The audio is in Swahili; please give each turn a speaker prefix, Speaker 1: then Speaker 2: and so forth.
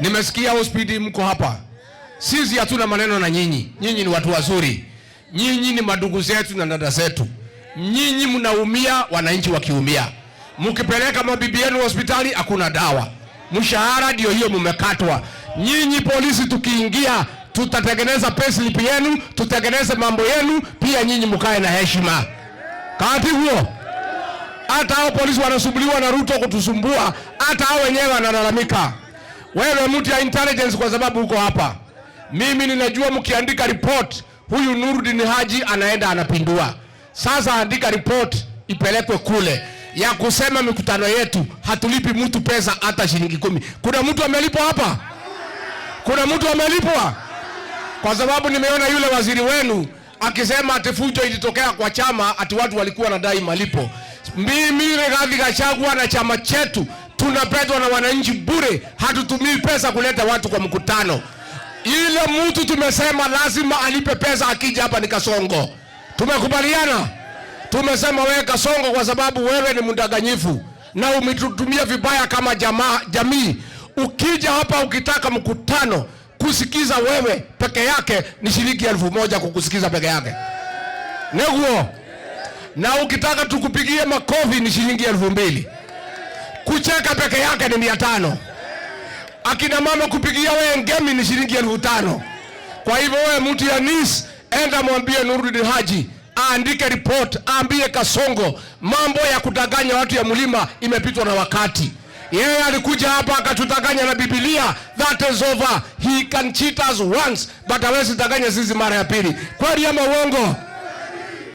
Speaker 1: Nimesikia hospitali mko hapa. Sisi hatuna maneno na nyinyi. Nyinyi ni watu wazuri. Nyinyi ni madugu zetu na dada zetu. Nyinyi mnaumia, wananchi wakiumia. Mkipeleka mabibi yenu hospitali hakuna dawa. Mshahara ndio hiyo mmekatwa. Nyinyi polisi tukiingia tutatengeneza payslip yenu, tutengeneze mambo yenu, pia nyinyi mkae na heshima. Kati huo hata hao polisi wanasumbuliwa na Ruto kutusumbua, hata hao wenyewe wanalalamika. Wewe mtu ya intelligence kwa sababu uko hapa. Mimi ninajua mkiandika report huyu Nuruddin Haji anaenda anapindua. Sasa andika report ipelekwe kule ya kusema mikutano yetu hatulipi mtu pesa hata shilingi kumi. Kuna mtu amelipwa hapa?
Speaker 2: Kuna mtu amelipwa?
Speaker 1: Kwa sababu nimeona yule waziri wenu akisema ati fujo ilitokea kwa chama, ati watu walikuwa wanadai malipo. Mimi Rigathi Gachagua na chama chetu tunapetwa na wananchi bure, hatutumii pesa kuleta watu kwa mkutano. Ile mtu tumesema lazima alipe pesa akija hapa ni Kasongo. Tumekubaliana, tumesema wewe Kasongo, kwa sababu wewe ni mdanganyifu na umetutumia vibaya kama jamaa, jamii. Ukija hapa ukitaka mkutano kusikiza wewe peke yake ni shilingi elfu moja kukusikiza peke yake neguo, na ukitaka tukupigie makofi ni shilingi elfu mbili. Kucheka peke yake ni mia tano. Akina mama kupigia wewe ngemi ni shilingi elfu tano. Kwa hivyo wewe mtu ya Nis, enda mwambie Nuruddin Haji aandike report, aambie Kasongo mambo ya kudanganya watu ya mlima imepitwa na wakati. Yeye yeah, alikuja hapa akatudanganya na Biblia, that is over. He can cheat us once but hawezi danganya sisi mara ya pili. Kweli ama uongo?